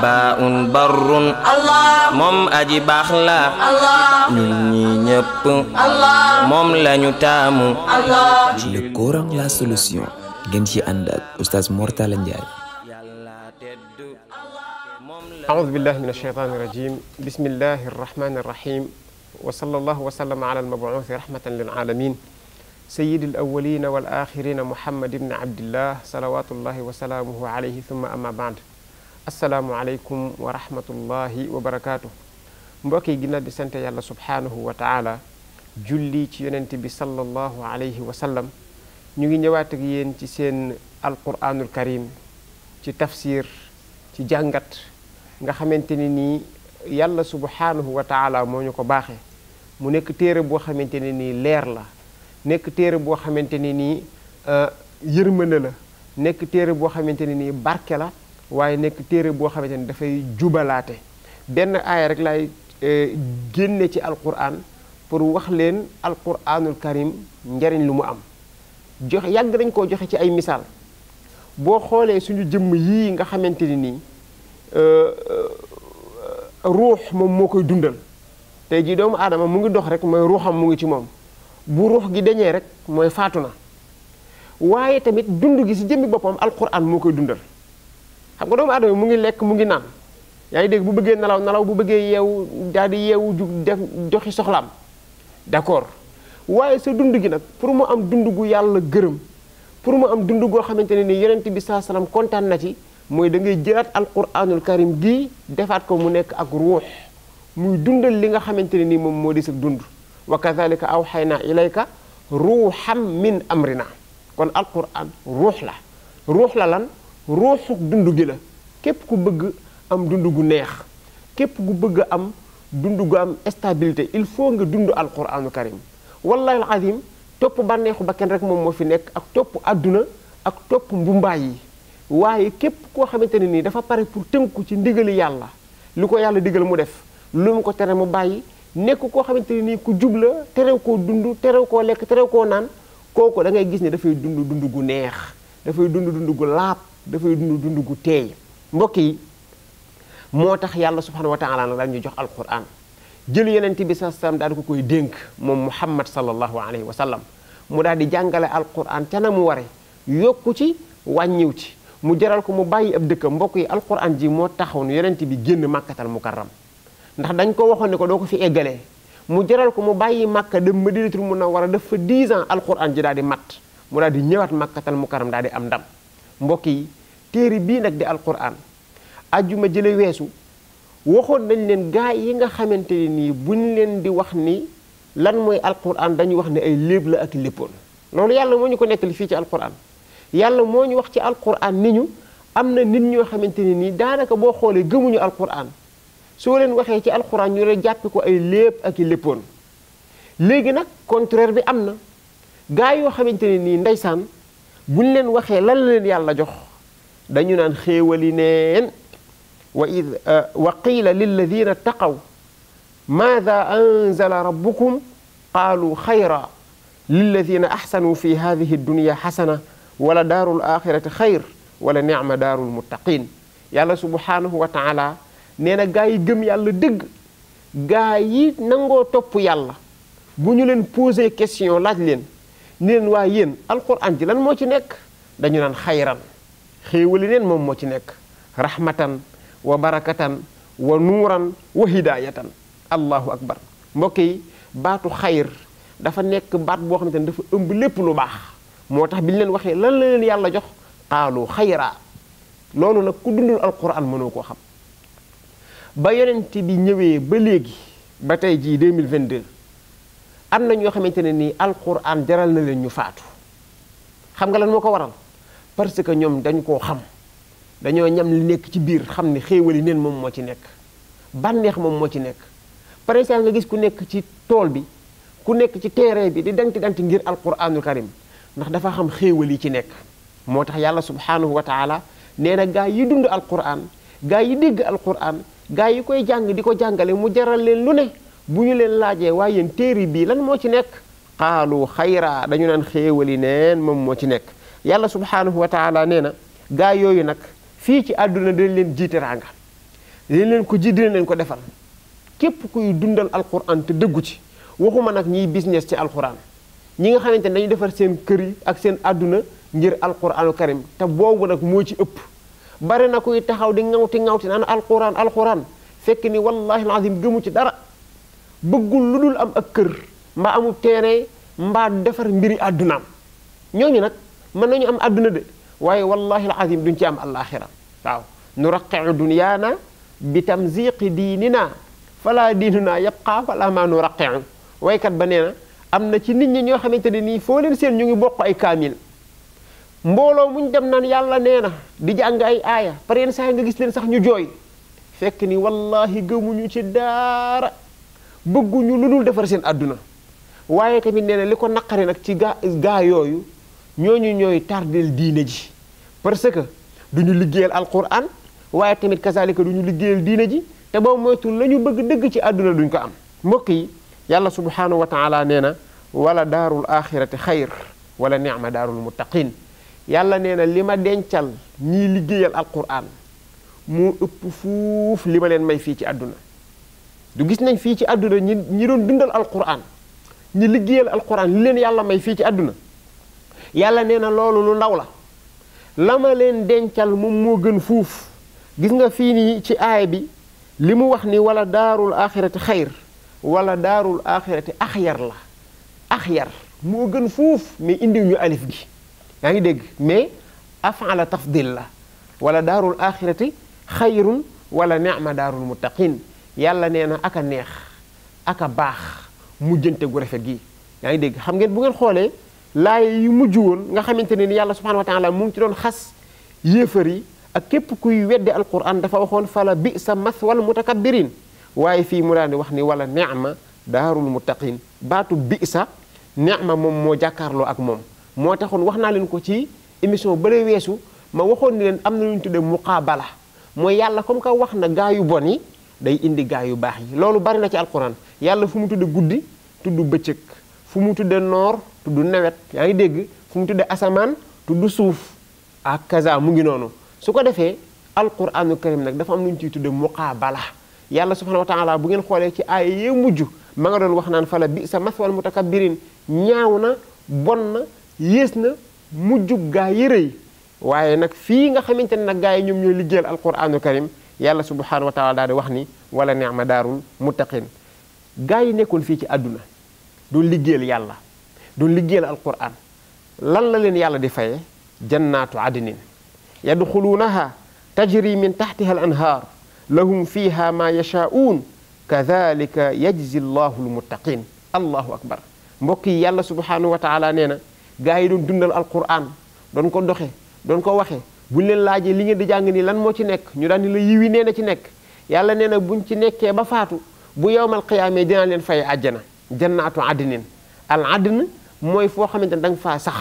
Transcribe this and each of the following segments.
baun barrun moom aji baax la ñun ñi ñëpp moom lañu taamu le Coran la solution ngeen ci ànd ak oustaz Mortala Ndiaye أعوذ بالله من الشيطان الرجيم بسم الله الرحمن الرحيم وصلى الله وسلم على المبعوث رحمة للعالمين سيد الأولين والآخرين محمد بن عبد الله صلوات الله وسلامه عليه ثم أما بعد asalaamualeykum wa rahmatullahi wa barakaatu. mbokk yi ginnaaw bi sant yàlla subhaanahu wa taala julli ci yonent bi sallallahu alayhi wa sallam ñu ngi ñëwaat ak yéen ci seen alquraanul karim ci tafsir ci jàngat nga xamante ni nii yàlla subhaanahu wa taala moo ñu ko baaxee mu nekk téere boo xamante ne nii leer la nekk téere boo xamante ne nii yërmande la nekk téere boo xamante ne nii barke la waaye nekk téere boo xamante ni dafay jubalaate benn aaya rek laay euh, génne ci alquran pour wax leen alquranul karim njariñ lu mu am joxe yàgg dañ koo joxe ci ay misaal boo xoolee suñu jëmm yii nga xamante ni nii euh, euh, ruux moom moo koy dundal tey jii doomu aadama mu ngi dox rek mooy ruuxam mu ngi ci moom bu ruux gi dañee rek mooy faatu na waaye tamit dund gi si jëmmi boppam alquran moo koy dundal xam nga doomu adama mu ngi lekk mu ngi naan yaa ngi dégg bu bëggee nalaw nalaw bu bëggee yeewu daal di yeewu ju def soxlaam d' accord sa dund gi nag pour mu am dund gu yàlla gërëm pour mu am dund goo xamante ne ni yonent bi saa salaam kontaan na ci mooy da ngay jëlaat alquranul karim gii defaat ko mu nekk ak ruux muy dundal li nga xamante ne ni moom moo sa dund wa kadhalika awxayna ilayka ruuxam min amrina kon alquran ruux la ruux la lan ruuxu dund gi la képp ku bëgg am dund gu neex képp ku bëgg am dund gu am stabilité il faut nga dund alquranu karim wallahi alazim topp bànneexu ba kenn rek moom moo fi nekk ak topp àdduna ak topp mbumbaay yi waaye képp koo xamante ne nii dafa pare pour ko ci ndigali yàlla lu ko yàlla digal mu def lu mu ko tere mu bàyyi nekk koo xamante ne nii ku jub la terew koo dund terew koo lekk tere koo naan kooku da ngay gis ni dafay dund dund gu neex dafay dund dund gu laab dafay dund dund gu teey mbokk yi moo tax yàlla subhanahu wa taala nag daal ñu jox alquran jël yonent bi sa salaam daal di ko koy dénk moom muhammad sallallahu alayhi wa sallam mu daal di jàngale alquran ca na mu ware yokku ci wàññiw ci mu jaral ko mu bàyyi ab dëkkam mbokk yi alquran ji moo taxaw ne yonent bi génn màkkatal mukarram ndax dañ ko waxoon ne ko doo ko fi eggalee mu jaral ko mu bàyyi màkka dem war a def fa 10 ans alquran ji daal di mat mu daal di ñëwaat makkatal mukaram daa di am ndam mbokk yi téere bii nag di alquran ajjuma jële weesu waxoon nañ leen gaa yi nga xamante ne nii buñ leen di wax ni lan mooy alquran dañuy wax ne ay léeb la ak léppoon loolu yàlla moo ñu ko nekkal fii ci alquran yàlla moo ñu wax ci alquran ni ñu am na nit ñoo xamante ne nii daanaka boo xoolee gëmuñu alquran soo leen waxee ci alxuraan ñu la jàppe ko ay léeb ak i léppoon léegi nag contraire bi am na gaa yoo xamante ne nii ndeysaan buñ leen waxee lan la leen yàlla jox dañu naan xéewali neen wa id wa qiila lilladina taqaw maada anzala rabbukum qaalu xayra lilladina axsanu fi hadihi dunya xasana wala daaru alaxirati xayr wala nicma daaru lmuttaqin yàlla subhanahu wa taala nee na gaa yi gëm yàlla dëgg gaa yi nangoo topp yàlla bu ñu leen posé question laaj leen neen wa yeen alquran ji lan mo ci nek dañu nan khayran neen mom mo ci nek rahmatan wa barakatan wa nuran wa hidayatan allahu akbar mbokki batu khair, dafa nek bat bo xamante ne dafa ëmb lepp lu bax motax biñ bi ñu leen waxee lan la leen yalla jox qalu xayra lolu nak ku dundul alquran xam ba bi ba légui ba 2022 am na ñoo xamante ne nii alquran jaral na leen ñu faatu xam nga lan moo ko waral parce que ñoom dañu koo xam dañoo ñam li nekk ci biir xam ne xéewali neen moom moo ci nekk bànneex moom moo ci nekk par exemple nga gis ku nekk ci tool bi ku nekk ci terrain bi di danti danti ngir alquranul karim ndax dafa xam xéewal yi ci nekk moo tax yàlla subhaanahu wa taala nee na gaa yi dund alquran gaa yi dégg alquran gaa yi koy jàng di ko jàngale mu jaral leen lu ne bu ñu leen laajee waaye yéen téere bii lan moo ci nekk xaalu xayra dañu naan xéewali neen moom moo ci nekk yàlla subhaanahu wa taala nee na gaa yooyu nag fii ci àdduna dañ leen ji teraanga leen ko ji dinañ leen ko defal képp kuy dundal alquran te dëggu ci waxuma nag ñiy business ci alquran ñi nga xamante ne dañu defar seen kër yi ak seen àdduna ngir alquranu karim te boobu nag moo ci ëpp bare na kuy taxaw di ŋawti ŋawti naan alquran alquran fekk ni wallahi alazim gëmu ci dara bëggul ludul am ak kër mbaa amu téré mba défar mbiri aduna ñooñu nak man nañu am aduna de waye wallahi alazim duñ ci am alaxira waaw nuraqiu dunyaana bi tamziqi dinina fala dinuna yaqqa fala ma nu way kat am na ci nit ñi ño xamanteni ni fo leen seen ñu ngi bokk ay kamil mbolo muñ dem nan yalla neena di jang ay aya pare yenn sa nga gis leen sax ñu joy fekk ni wallahi gëmuñu ci dara bëgguñu lu dul defar seen àdduna waaye tamit nee na li ko naqari nag ci gaa gaa yooyu ñooñu ñooy tardeel diine ji parce que du ñu liggéeyal alquran waaye tamit kasaalika du ñu liggéeyal diine ji te boobu moytu la ñu bëgg dëgg ci àdduna duñ ko am mbokk yi yàlla subhaanahu wa taala nee na wala daarul axirati xayr wala nicma daarul muttaqin yàlla nee na li ma dencal ñi liggéeyal alquran moo ëpp fuuf li ma leen may fii ci àdduna du gis nañ fii ci àdduna ñi ñi doon dundal alquran ñi liggéeyal alquran li leen yàlla may fii ci àdduna yàlla nee na loolu lu ndaw la lama leen dencal moom moo gën fuuf gis nga fii nii ci aay bi li mu wax ni wala daarul axirati xayr walla daarul axirati axyar la axyar moo gën fuuf mais indiw ñu alif gi yaa ngi dégg mais afala tafdil la wala daarul axirati xayrun wala nicma daarul muttaqin yàlla nee na ak a neex ak a baax mujjante gu rafet gi yaa ngi dégg xam ngeen bu ngeen xoolee laay yu mujj woon nga xamante ne ni yàlla subhanahu wa taala mu ngi ci doon xas yéefar yi ak képp kuy wedde alquran dafa waxoon fala bi sa maswal mutakabbirin waaye fii mu daan di wax ni wala neema daarul muttaqin baatu bi sa neema moom moo jàkkaarloo ak moom moo taxoon wax naa leen ko ci émission bële weesu ma waxoon ni leen am na lu ñu tuddee muqaabala mooy yàlla comme que wax na gaa yu bon yi day indi gaay yu baax yi loolu bari na ci alquran yàlla fu mu tudd guddi tudd bëccëg fu mu tudde noor tudd nawet yaa ngi dégg fu mu tudde asamaan tudd suuf a kaza mu ngi noonu su ko defee alquranul karim nag dafa am lu ñu ciy tudde muqaabala yàlla subhanahu wa taala bu ngeen xoolee ci aaya yee mujj ma nga doon wax naan fala bi sa mu takk maswal mutakabbirin ñaaw na bon na yées na mujjub gaa yi waaye nag fii nga xamante ne nag gaa yi ñoom ñooy liggéeyal alquranul karim yàlla subhanahu wa taala daal di wax ni wala ni'ma daarul muttaqin gaa yi fii ci àdduna doon liggéeyal yàlla doon liggéeyal alquran lan la leen yàlla di faye jannaatu adnin yadxuluunaha tajri min taxtiha al anhaar lahum fiha maa yashaa'uun kadalika yajzi llahu lmuttaqin allahu akbar mbokk yi yàlla subhanahu wa taala nee na gaa yi doon dundal alquran doon ko doxe doon ko waxe bu ñu leen laajee li ngeen di jàng nii lan moo ci nekk ñu daan ni la yiwi nee ci nekk yàlla nee bu ñu ci nekkee ba faatu bu yowmal qiyaamee dinaa leen fay àjjana jannaatu adnin al adn mooy foo xamante ne da faa sax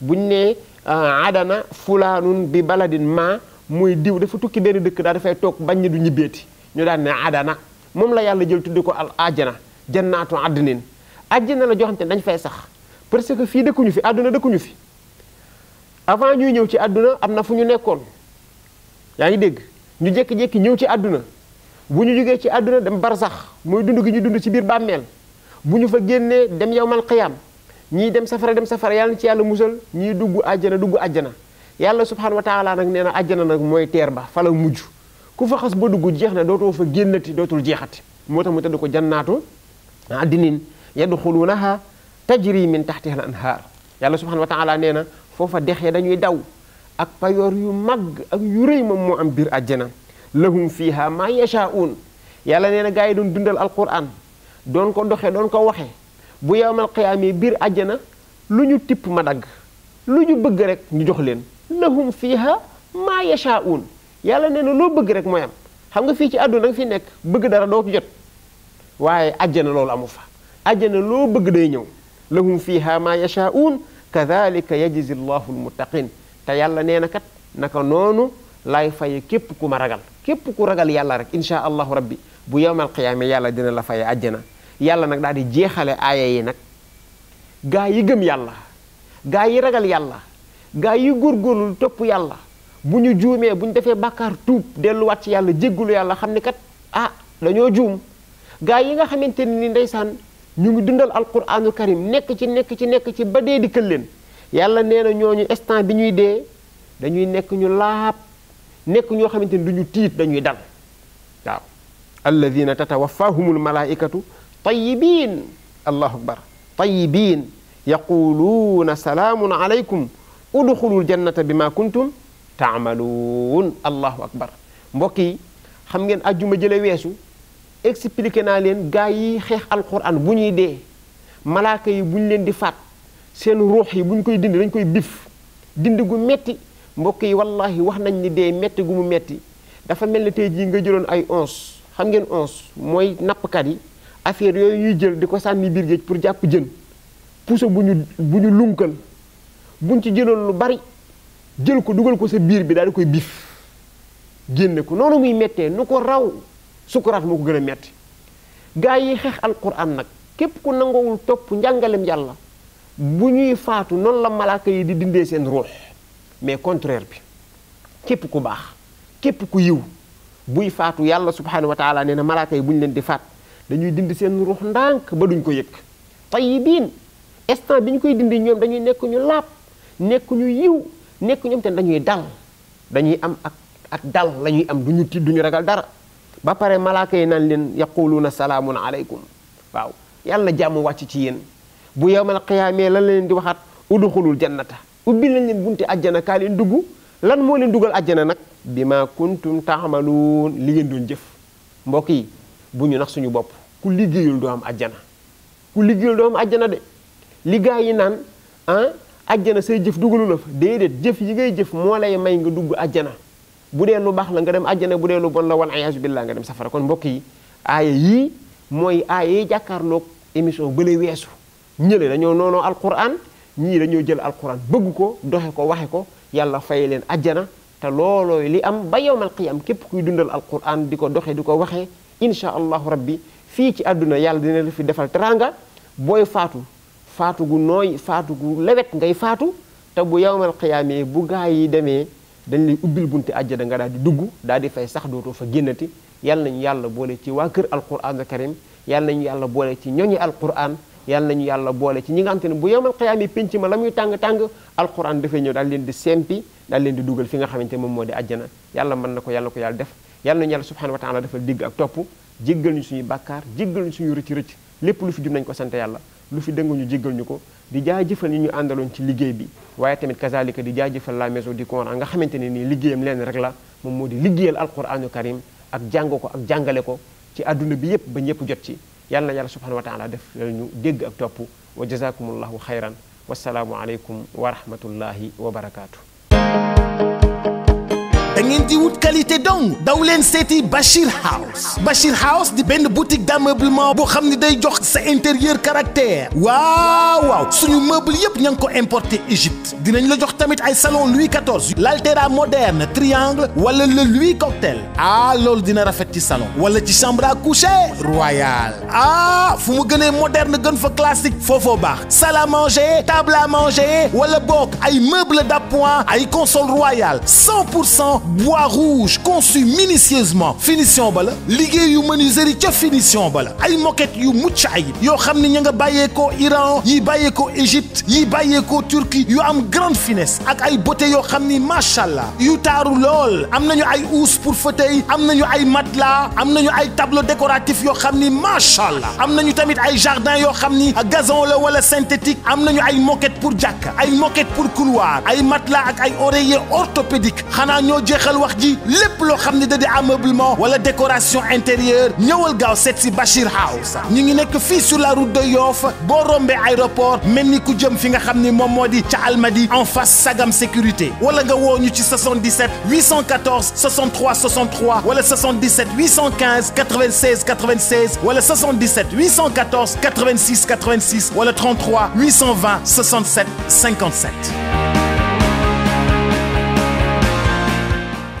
buñ nee ah, adana fulaanun bi baladin ma mooy diw dafa tukki benn dëkk daa dafay toog bañ du ñibbeeti ñu daan ne adana moom la yàlla jël tudde ko al ajjana jannaatu adnin àjjana la joo xamante ne dañ fay sax parce que fii dëkkuñu fi àdduna dëkkuñu fi avant ñuy ñëw ci àdduna am na fu ñu nekkoon yaa ngi dégg ñu jékki-jékki ñëw ci àdduna bu ñu jógee ci àdduna dem barsax mooy dund gi ñu dund ci biir bàmmeel bu ñu fa génnee dem yowmal qiyaam ñii dem safara dem safara yàlla na ci yàlla musal ñii dugg àjjana dugg àjjana yàlla subhaanahu wa taala nag nee na àjjana nag mooy teer ba fa mujj ku fa xas dugg jeex na dootoo fa génnati dootul jeexati moo tax mu tëdd ko jannaatu addinin yadxuluunaha tajri min taxtiha al anhaar yàlla subhaanahu wa nee na foofa dex ya dañuy daw ak payoor yu mag ak yu rëy moom moo am biir àjjana lahum fiha ma yashaa'uun yàlla nee na gaa yi doon dundal alquran doon ko doxe doon ko waxe bu yawmal qiyaamee biir àjjana lu ñu tipp ma dagg lu ñu bëgg rek ñu jox leen lahum fiha ma yashaa'uun yàlla nee na loo bëgg rek mooy am xam nga fii ci àdduna nga fi nekk bëgg dara doo jot waaye àjjana loolu amu fa àjjana loo bëgg day ñëw lahum fiha ma yashaa'uun kadalika yajzi llahu almuttaqin te yàlla nee na kat naka noonu laay faye képp ku ma ragal képp ku ragal yàlla rek insha allahu rabbi bu yowmal qiyaama yàlla dina la faye àjjana yàlla nag daal di jeexale aaya yi nag gaa yi gëm yàlla gaa yi ragal yàlla gaa yi góorgóorlu topp yàlla bu ñu juumee bu ñu defee bàkkaar tuub delluwaat ci yàlla jéggulu yàlla xam ne kat ah dañoo juum gaa yi nga xamante ni ndeysaan ñu ngi dundal alquranul karim nekk ci nekk ci nekk ci ba dee dikkal leen yàlla nee na ñooñu instant bi ñuy dee dañuy nekk ñu laab nekk ñoo xamante ni du ñu tiit dañuy dal waaw alladina tatawaffahumul malaikatu tayyibin allahu akbar tayyibin yaquluuna salaamun alaykum udxulul jannata bi ma kuntum taamaluun allahu akbar mbokk yi xam ngeen ajjuma jële weesu expliqué naa leen gaa yi xeex alxuraan bu ñuy dee malaaka yi bu ñu leen di faat seen ruux yi bu ñu koy dindi dañ koy bif dindi gu metti mbokk yi wallahi wax nañ ni dee metti gu mu metti dafa mel ni tey jii nga jëloon ay onze xam ngeen onze mooy nappkat yi affaire yooyu ñuy jël di ko sànni biir géej pour jàpp jën puso bu ñu bu ñu lunkal buñ ci jëloon lu bari jël ko dugal ko sa biir bi daal di koy bif génne ko noonu muy mettee nu ko raw sukuraat moo ko gën a metti gaa yi xeex al alquran nag képp ku nangowul topp njàngalem yàlla bu ñuy faatu noonu la malaaka yi di dindee seen ruux mais contraire bi képp ku baax képp ku yiw buy faatu yàlla subhanahu wa taala nee na malaaka yi bu ñu leen di faat dañuy dindi seen ruux ndànk ba duñ ko yëg tayibiin instant bi ñu koy dindi ñoom dañuy nekk ñu laab nekk ñu yiw nekk ñoom te dañuy dal dañuy am ak ak dal lañuy am du tiit du ñu ragal dara ba pare malaaka yi naan leen yaquluuna salaamun aleykum waaw yàlla jàmm wàcc ci yéen bu yowmal qiyaamee lan la leen di waxaat udxulul jannata ubbi lañ leen bunti ajjana kaa leen dugg lan moo leen dugal ajjana nag bi ma kuntum li ngeen jëf mbokk yi bu nax suñu bopp ku liggéeyul doo am ajjana ku liggéeyul doo am ajjana de li yi naan ah ajjana say jëf dugalu la fa déedéet jëf yi ngay jëf moo lay may nga dugg ajjana bu dee lu baax la nga dem àjjana bu dee lu bon la wal ayaasu billah nga dem safara kon mbokk yi aaya yii mooy aaya yi jàkkaarloog émission bële weesu ñële dañoo noonoo alquran ñii dañoo jël alquran bëgg ko doxe ko waxe ko yàlla fay leen àjjana te loolooy li am ba yowmal qiyam képp kuy dundal alquran di ko doxe di ko waxee incha allahu rabbi fii ci àdduna yàlla dina la fi defal teranga booy faatu faatu gu nooy faatu gu lewet ngay faatu te bu yowmal qiyaamee bu gaa yi demee dañ lay ubbil bunt àjjana nga daal di dugg daal di fay sax dootoo fa génnati yàlla nañu yàlla boole ci waa kër alquran karim yàlla nañu yàlla boole ci ñoñi alquran yàlla nañu yàlla boole ci ñi nga xam te ne bu yemal xiyaam pénc ma la muy tàng-tàng alquran dafay ñëw daal leen di sempi daal leen di dugal fi nga xamante moom moo di àjjana yàlla mën na ko yàlla ko yàlla def yàlla nañu yàlla subhanahu wa taala dafa digg ak topp jéggal ñu suñu bàkkaar jéggal ñu suñu rëcc rëcc lépp lu fi jub nañ ko sante yàlla lu fi dënguñu jéggal ñu ko di jaajëfal ñi ñu àndaloon ci liggéey bi waaye tamit kazalika di jaajëfal la maison du Coran nga xamante ni nii liggéeyam leen rek la moom moo di liggéeyal alquranu karim ak jàng ko ak jàngale ko ci àdduna bi yépp ba ñëpp jot ci yàlla na yàlla subhanahu wa taala def la ñu dégg ak topp wa jazakumullahu xayran wasalaamu alaykum wa rahmatullahi wa barakatuh da ngeen di wut qualité dong daw leen seeti House Bashir House di benn boutique d'ameublement boo xam ni day jox sa intérieur caractère waaw waaw suñu meuble yépp ña ngi ko importé Égypte dinañ la jox tamit ay salon Louis XIV l'altera moderne triangle wala le Louis cocktail ah loolu dina rafet ci salon wala ci chambre à coucher royal ah fu mu gënee moderne gën fa classique foofoo baax salle à manger table à manger wala boog ay meuble d'appoint ay console royal. 100 bois rouge conçu minutieusement finition bala la menuiserie finition vous ay moquette yu yo Iran Iran yi ko Égypte yi Turquie yu am grande finesse ak ay beauté yo xamni MashaAllah yu taru am ay housse pour fauteuil am nañu ay matelas am ay tableau décoratif yo xamni machallah am tamit ay jardin yo xamni gazon la wala synthétique am ay moquette pour ay moquette pour couloir ay matelas ak ay oreiller orthopédique jeexal wax ji lepp ou xamni da di ameublement wala décoration intérieure ñëwal gaaw seet si Bashir House ñi ngi nekk fi sur la route de Yoff bo rombé aéroport melni ku jëm fi nga xamni mom modi Almadi en face Sagam sécurité wala nga ci 77 814 63 63 wala 77 815 96 96 wala 77 814 86 86 wala 33 820 67 57.